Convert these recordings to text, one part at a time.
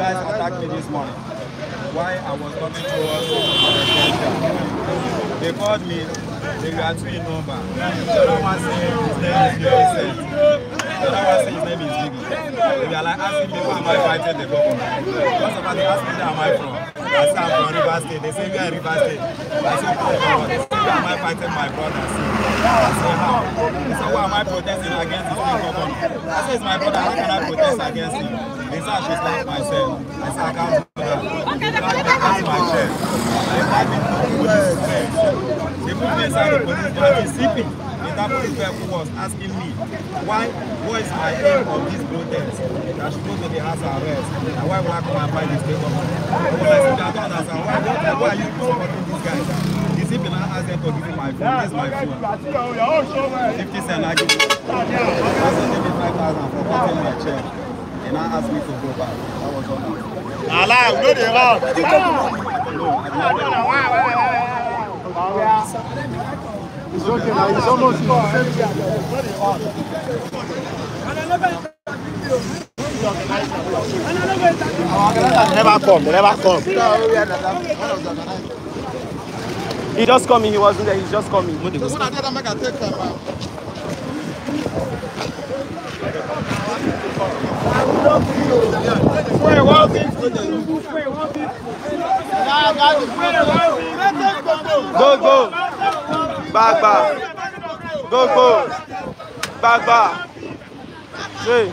guys attacked me this morning Why I was coming towards Malaysia. They called me, they were two in number. Another one said his name is Vincent. Another one said his name is Biggie. They are like asking me why am I fighting the government. First of all, they asked me am I from. I said I'm from River State. They say we are River State. I said, why am I fighting my brothers? So why am I protesting against this new government? I said, it's my brother, how can I protest against him? He said, I should start myself. I said, I can't do that. I can't my chair. I didn't know who this is, the police inside the police party sleeping. The police who was asking me, why, what is my aim of this protest? That I should go to the house and arrest. And why would I come and buy this government? I said, I don't understand. Why, why, why are you supporting these guys? If you not ask them to give you my phone, yeah, this is my phone. 50 cents, I give you. I said, give me 5,000 for cutting my chair. They not ask me to go back. That was all. Allah, no, they are. No, I'm not. It's okay it's almost oh, Never come, never come. He just coming. He wasn't there. He just coming. So when I tell can take them out. Go, go. Back, back. Go, go. Back, back. Hey.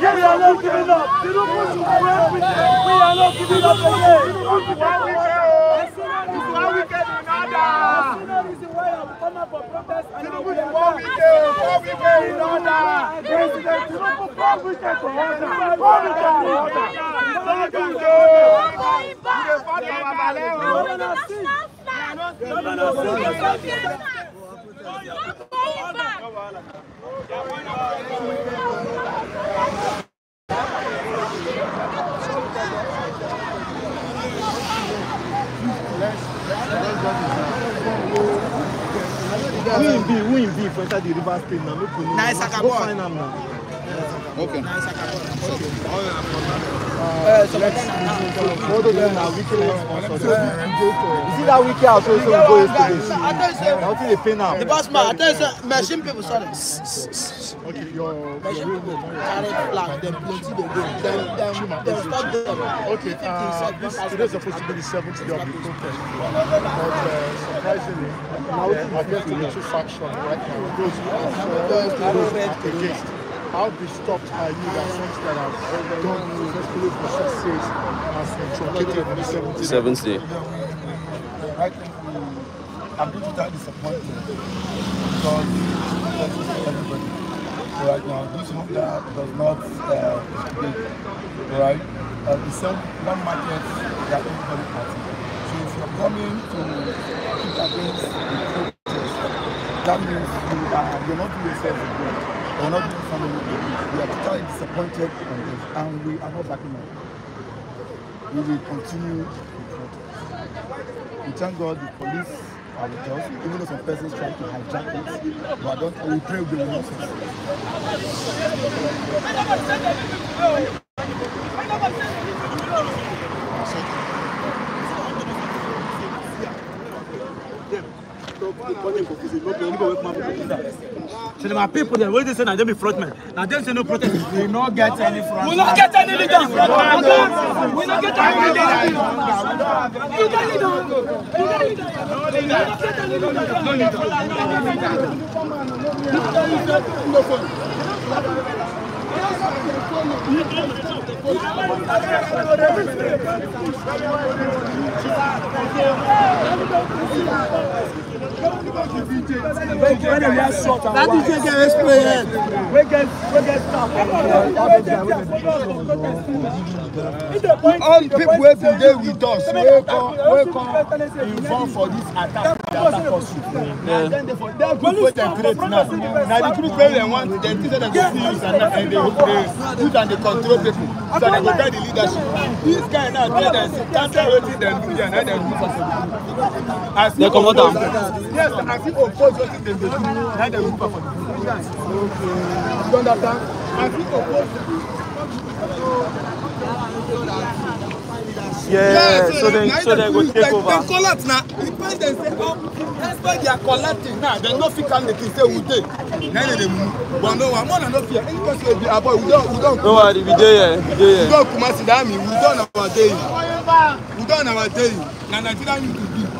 Yes, we are not giving up. We are not giving up we we we we are again. win be win be for inside the Rivers State now. Look, no, nice, go find him now. Okay. Uh, so let's go to them now. We can Is it that wiki house also we go yesterday? I think they pay now. The boss man, I think machine people sorry. Okay, your machine people carry flag, them plenty they go. Then them they stop them. Okay, uh, this today is supposed to be the seventh day of the protest, but uh, surprisingly, now I guess the two factions right now, those who are for, those against. How disturbed are you that songs that have done successfully for six years has truncated the seventh Seventh day. I think we, I'm that disappointed because everybody right now. This hope that does not uh, right? Uh, the same one market that everybody participates coming to intervene against the protest, that means you are, you're not doing yourself a good. We are not doing something. We are totally disappointed on this, and we are not backing up. We will continue the protest. We thank God the police are with us, even though some persons try to hijack us, but I don't, we pray with will not Thank you. So my people there, what say, now they be frontmen. Now they say no protest. We not get any frontmen. We not get any leaders. We not get any leaders. You don't need No leader. No leader. No leader. No leader. That is get, we All people wey be there with us, wey come, wey come involve for this attack, the attack now, the group wey dem want, dem think say dem see use and they they use and they control people, so they go get the leadership. This guy now tell dem say cancel wetin dem do here, na dem do as they comot am. yes as he oppose wetin dem dey do na dem look for for the politicians you understand as he oppose. Yeah, yeah, so then, so then go take over. They collect now. The president say, oh, that's why they are collecting now. They no fit calm the king say we dey. Now they dey move. But no, one man no fear. Any person wey be avoid, ah, we don, we don. No worry, ah, we dey here, we dey here. We don Kumasi, that mean we don our day. We don our day. Na Nigeria need to be.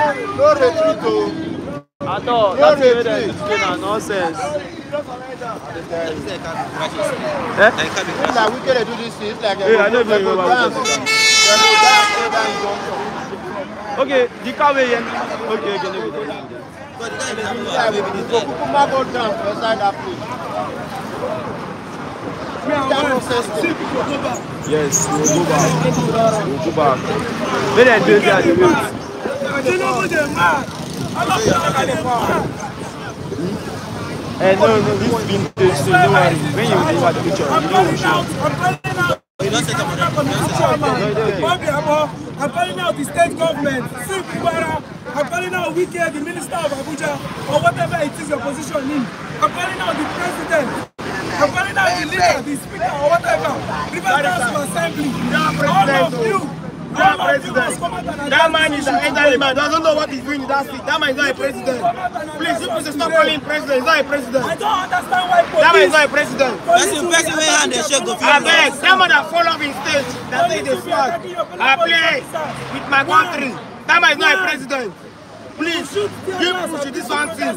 No retreat, oh. At all. No That's retreat. That's na nonsense. Eh? ¿Eh? like we can do this thing. It's like a yeah, I don't Okay, the car way. Okay, okay, no go down there. the guy is having a go down outside that place. Yes, we'll go back. We'll go back. Let them Tinubu dey mad. Olóṣèlú dey mad. Eh, no, no, this vintage, so no worry. When you look at the picture, you know we show. I'm calling out the state government, Sue Kubara, I'm calling out Wike, the minister of Abuja, or whatever it is your position in. I'm calling out the president, I'm calling out the leader, the speaker, or whatever, Rivers House Assembly, all of you that president. That man is an entertainment. Doesn't know what he's doing in that seat. That man is not a president. Please, you should stop calling him president. He's not a president. I don't understand why police. That man is not a president. That's the person where hand they shake go I beg. That man that fall off in stage. That say they swag. I play with my country. That man is not a president. Please, you push this one thing.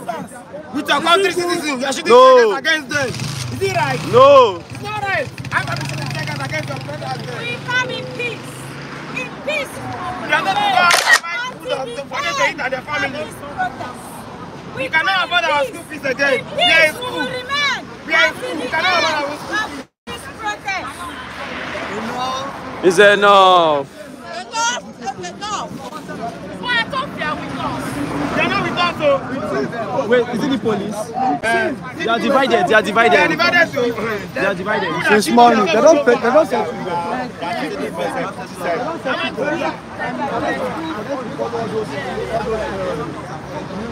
With your country citizens, you are shooting no. against them. Is it right? No. It's not right. I'm going to against your president. We come in peace. Peace. They are not going to forget to eat and their families. We cannot afford our school fees again. We are in school. We are in school. We cannot afford our school fees. It's enough. so. Wait, is it the police? Uh, they are divided. They are divided. They are divided. So. Uh, they are divided. Since morning, they don't. they don't say.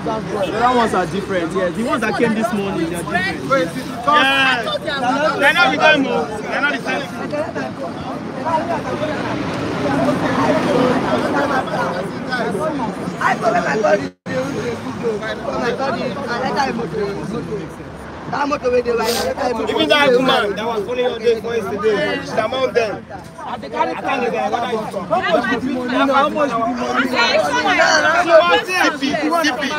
The other ones are different, yes. The ones that came this morning, they are different. Wait, They They're not the same. They're not the same. I forgot my Even that woman that was calling your day for yesterday, she among them. I can't remember How much money? How much money? Zippy, Zippy,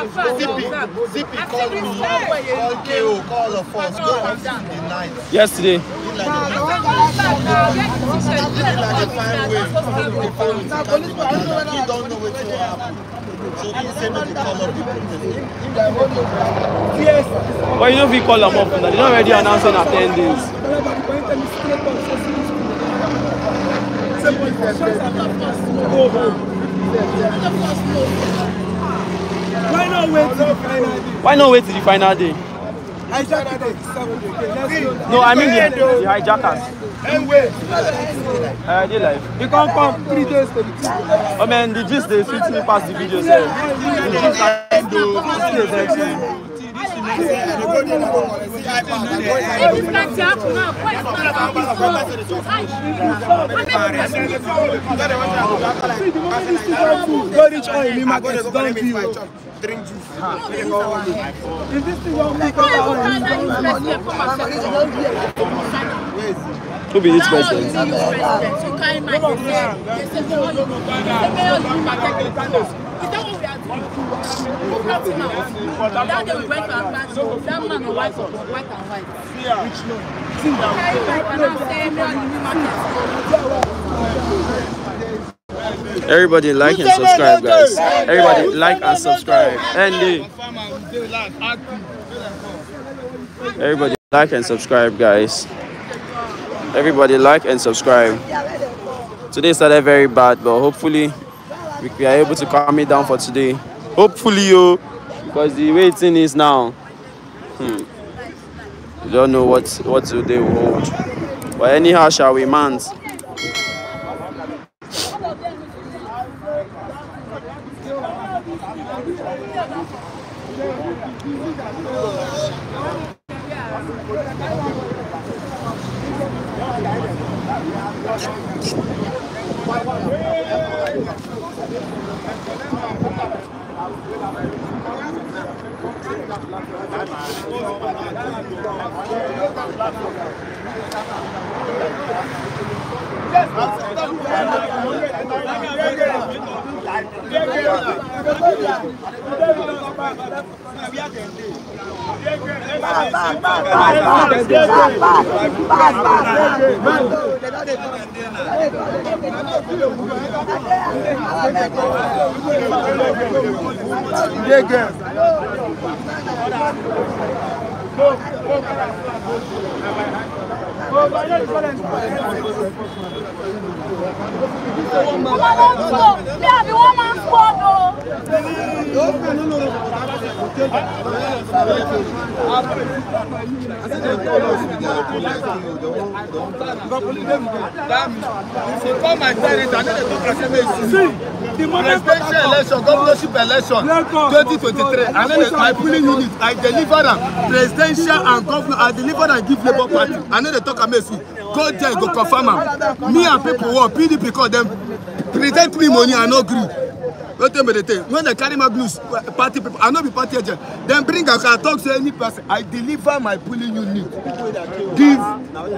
Zippy, call me, call KO, call of us, go and see the night. Yesterday. Like a fine way. You don't know what will happen. So he say you call know call them up, they don't already announce on attendance. Why not wait till the final day? Why not wait till the final day? No, I mean the, the hijackers. Uh, they live. You can't come three days. Oh man, the just they switch me past the video. Sir. They just like do Go reach oil, me market, don't be drink Who be his president? Now what we are doing? Not now. That day we went to Akpati. That man was white and white. Which one? Carry my Everybody like and subscribe, guys. Everybody like and subscribe. Andy. Everybody like and subscribe, guys. Everybody like and subscribe. Today started very bad, but hopefully we are able to calm it down for today. Hopefully, yo, because the waiting is now. Hmm. don't know what what today will hold. But anyhow, shall we, mans? Yeah, girl. Ọmọ ló ń sọ bí àbí wọ́n máa ń pọ̀ lọ. Ìfọ̀kùnrin lè mú dáàmì. Ìfọ̀kùnrin máa jẹ́ ẹni tàbí ẹni tó kọ̀ sí ẹgbẹ́ ìsìn presidential election governorship election 2023. I three and my polling unit i deliver am presidential and governor i deliver am give labour party i no dey talk am make sweet go there go confirm am me and people want pdp because them present me money i no gree wetin be the thing when dem carry my blues party people i know be party agent Then bring a i talk to any person i deliver my pulling unit give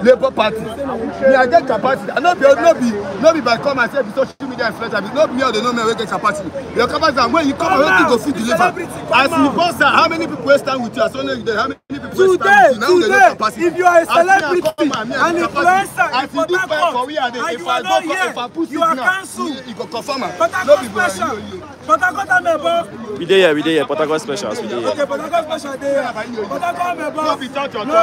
labour party me i get capacity i no be no be no be by call myself be social media influencer be no be me or the no man wey get capacity your capacity and when you come out wetin go fit deliver as you born sir how many people stand with you as only you how many people wey stand with you now dey no capacity if you are a celebrity and influencer as you do fine for where i dey if i go for if i put you cancelled. you go confirm am no be by you. Port Harcourt mebo. We there. we there. here. Port Harcourt specials, we there. here. Okay, Port Harcourt special dey here. Port Harcourt mebo. No be touch your no,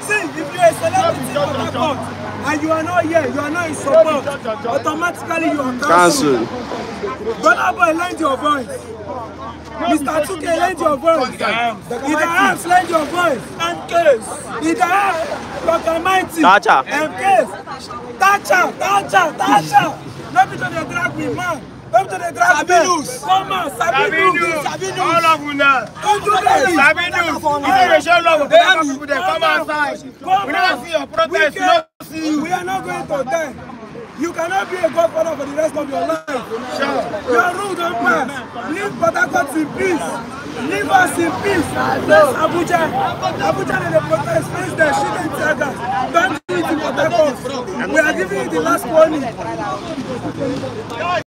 See, if you are a celebrity court and you are not here, you are not in support, automatically you are cancelled. Burna Boy, lend your voice. Mr. Tuke, lend your voice. Ida Abs, lend your voice. And case. Ida Abs, Dr. Mighty. Tacha. And case. Tacha, Tacha, Tacha. Let me tell you, drag me, man. Come to the draft. Sabinus. Come on, Sabinus. Sabinus. All of you now. Come to the Sabinus. If you show love, they have people there. Come outside. We never see your protest. We don't see you. We are not going to die. You cannot be a godfather for the rest of your life. Sure. Your rule don't pass. Leave Patakot in peace. Leave us in peace. Bless Abuja. Abuja and the protest face their shit in Tiaga. Don't do it in Patakot. We are giving you the last warning.